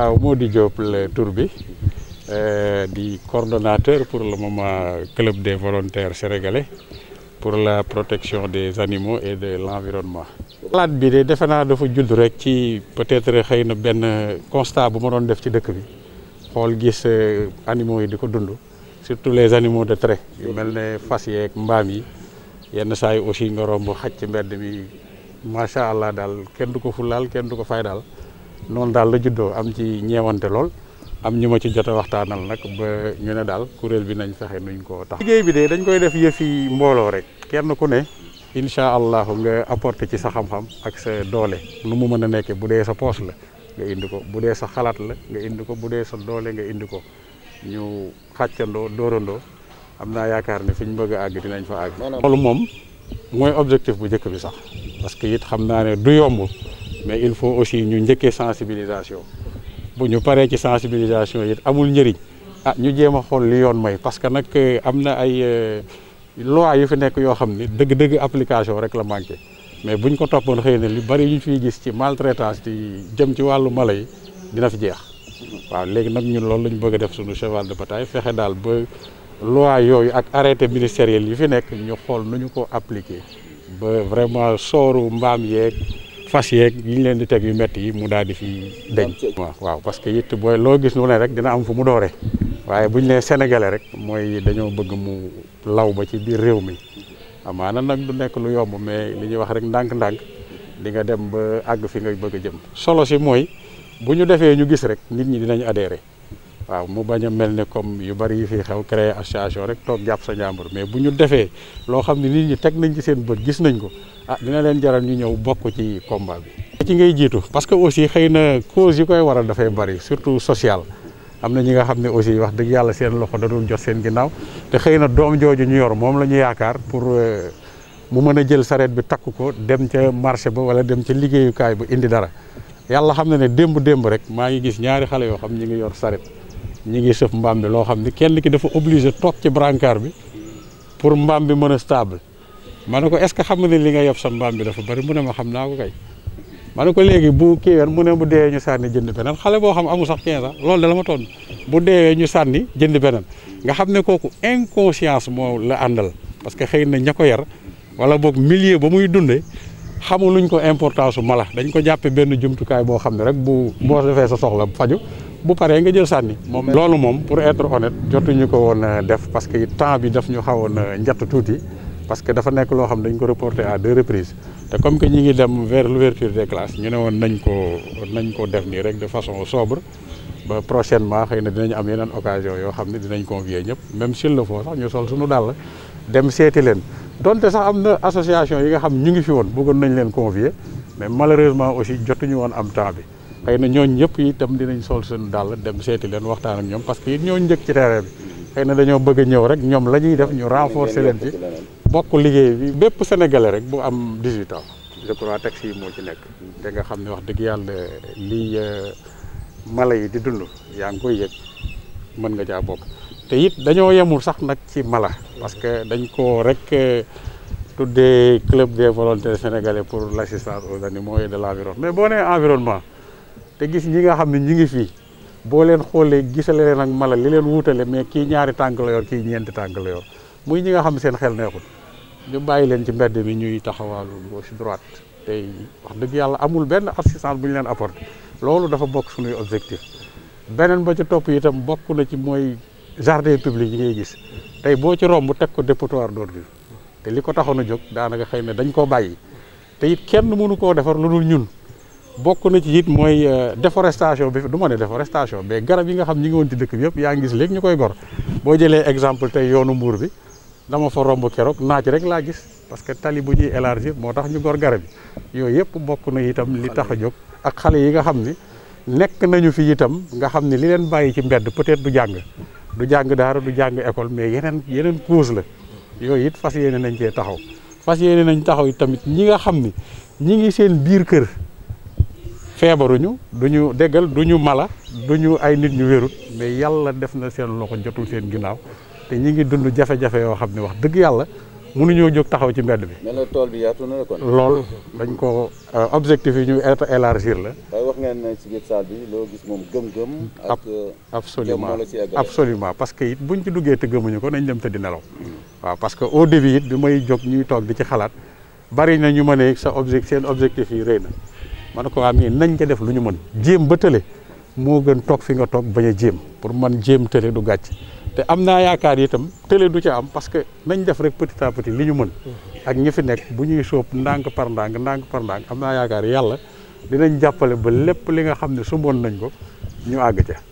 waaw Mody di la tour bi euh, di coordonnateur pour le moment club des volontaires sénégalais pour la protection des animaux et de l'environnement. xalaat bi de defe naa dafa judd rek ci peut-être xëy na benn constat bu ma doon def ci dëkk bi xool gis euh, animaux yi di ko dund surtout les animaux de trait yu mel ne fas yeeg mbaam yi yenn saa aussi nga romb xaj ci mbedd mi macha allah daal kenn du ko fulaal kenn du ko fay daal. noonu daal la juddoo am ci ñeewante lool am ñu ma ci jot waxtaanal nag ba ñu ne daal kuréel bi nañ fexe nuñ ko tax liggéey bi de dañ koy def yëfi mbooloo rek kenn ku ne incha allah nga apporter ci sa xam-xam ak sa doole nu mu mën a nekkee bu dee sa poos la nga indi ko bu dee sa xalaat la nga indi ko bu dee sa doole nga indi ko ñu xàccandoo doorandoo am naa yaakaar ne fi ñu bëgg a àgg dinañ fa àgg. loolu moom mooy objectif bu njëkk bi sax parce que it xam naa ne du yomb. mais il faut aussi ñu njëkkee sensibilisation bu ñu paree ci sensibilisation yi amul njëriñ ah ñu jéem a xool li yoon may parce que nag euh, am na ay euh, loi yu fi nekk yoo xam ni dëgg-dëgg application rek la manqué mais ñu ko toppoon xëy na li bari ñu fi gis ci maltraitance ci jëm ci wàllu mala yi dina fi jeex waaw léegi nag ñun loolu la ñu bëgg def suñu cheval de bataille fexe daal ba loi yooyu ak arrêté ministériel yu fi nekk ñu xool nu ñu ko appliqué ba vraiment sooru mbaam yeeg fas yee yi ñu leen di teg yu metti yi mu daal di fi deñ waaw waaw parce que it booy loo gis lu ne rek dina am fu mu dooree waaye bu ñu nee sénégalais rek mooy dañoo bëgg mu law ba ci biir réew mi amaana nag du nekk lu yomb mais li ñuy wax rek ndànk-ndànk di nga dem ba àgg fi nga bëgg jëm solo si mooy bu ñu defee ñu gis rek nit ñi dinañu adhéré waaw mu bañ a mel ne comme yu bari yi fi xew créer association rek toog jàpp sa njàmbur mais bu ñu defee loo xam ne nit ñi teg nañ ci seen bët gis nañ ko ah dina leen jaral ñu ñëw bokk ci combat bi. ci ngay jiitu parce que aussi xëy na cause yi koy waral dafay bari surtout social am na ñi nga xam ne aussi wax dëgg yàlla seen loxo dadul dul jot seen ginnaaw te xëy na doom jooju ñu yor moom la ñu yaakaar pour euh, mu mën a jël sareet bi takk ko dem ca marché ba wala dem ca liggéeyukaay ba indi dara yàlla xam na ne démb démb rek maa ngi gis ñaari xale yoo xam ñu ngi yor sareet. ñu ngi sëf mbaam bi loo xam ne kenn ki dafa obligé toog ci brancard bi pour mbaam bi mën a stable ma ne ko est-ce que xam nga ne li nga yob sa mbaam bi dafa bari mu ne ma xam naa ko kay ma ne ko léegi bu kiiween mu ne bu deewee ñu sànni jënd beneen xale boo xam amul sax 15 ans loolu da toon bu deewee ñu sànni jënd beneen nga xam ne kooku inconscience moo la àndal parce que xëy na ña ko yar wala boog millier ba muy dundee xamul xamuluñ ko importance su mala dañ ko jàppee benn jumtukaay boo xam ne rek bu boo defee sa soxla faju bu paree nga jël sànni moom loolu moom pour être honnête jotuñu ko woon euh, def parce que temps bi daf ñu xawoon euh, njatt tuuti parce que dafa nekk loo xam dañ ko reporté à deux comme que ñi ngi dem vers l'ouverture des classes ñu ne woon nañ ko nañ ko def nii rek de façon sobre ba prochainement xëy na dinañ am yeneen occasion yoo xam ne dinañ convier ñëpp même s'il le faut sax ñu sol suñu dàll dem seeti leen donte sax am na association yi nga xam ñu ngi fi woon bëggoon nañ leen convier mais malheureusement aussi jotuñu woon am temps bi xëy na ñooñ ñëpp itam dinañ sol suñu daal dem seeti leen waxtaan ak ñoom parce que it ñoo njëkk ci terrain bi xëy dañoo bëgg a ñëw rek ñoom lañuy def ñu renforcer leen ci bokk liggéey bi bépp sénégalais rek bu am 18 ans je crois taxi moo ci nekk te nga xam ne wax dëgg yàlla lii euh, mala yi di dund yaa ngi koy yëg mën nga caa bokk te it dañoo yemul sax nag ci mala parce que dañ ko rek euh, tuddee club des volontaires sénégalais pour l' assistance aux animaux et de l' environnement mais boo nee environnement te gis ñi nga xam ne ñu ngi fii boo leen xoolee gisale leen ak mala li leen wuutale mais kii ñaari tànk la yor kii ñeenti tànk la yor muy ñi nga xam seen xel neexul ñu bàyyi leen ci mbedd mi ñuy taxawaalu gauche droite tey wax dëgg yàlla amul benn assistance bu ñu leen apporté loolu dafa bokk suñuy objectif beneen ba ci topp itam bokk na ci mooy jardin public ñu ngay gis tey boo ci romb teg ko dépotoir d'ordure te li ko taxoon a jóg daanaka xëy na dañ koo bàyyi te it kenn mënu koo defar lu ñun bokk na ci it mooy euh, déforestation bi du ma ne déforestation mais garab yi nga xam ñi ngi woon ci dëkk bi yëpp yaa ngi gis léegi ñu koy gor boo jëlee exemple tey yoonu mbuur bi dama fa romb keroog naaj rek laa gis parce que tali bu ñuy élargir moo tax ñu gor garab yi yooyu yëpp bokk na itam li tax a jóg ak xale yi nga xam ni nekk nañu fi itam nga xam ni li leen bàyyi ci mbedd peut-être du jàng du jàng daara du jàng école mais yeneen yeneen cause la yooyu it fas yéene nañ cee taxaw fas yéene nañ taxaw it tamit ñi nga xam ni ñi ngi seen biir kër feebaruñu duñu déggal duñu mala duñu ay nit ñu wérut mais yàlla def na seen loxo jotul seen ginnaaw te ñi ngi dund jafe-jafe yoo xam ne wax dëgg yàlla mënuñoo jóg taxaw ci mbedd bi. mais tool bi yaatu na lool dañ ko euh, objectif yi ñu élargir la. waaye wax ngeen ne ci biir salle bi loo gis moom gëm-gëm. ak absolument absolument parce que it buñ ci duggee te gëmuñu ko nañ dem te di nelaw. waa parce que au début it bi may jóg ñuy toog di ci xalaat bari na ñu ma ne sa objectif seen objectif yi rëy na. man ne ko waa nañ ca def lu ñu mën jéem ba tële moo gën toog fi nga toog bañ a jéem pour man jéem tële du gàcc te am naa yaakaar itam tële du ca am parce que nañ def rek petit à petit li ñu mën ak ñi fi nekk bu ñuy sóob ndànk par ndànk ndànk par ndànk am naa yaakaar yàlla dinañ jàppale ba lépp li nga xam ne sumboon nañ ko ñu àgg ca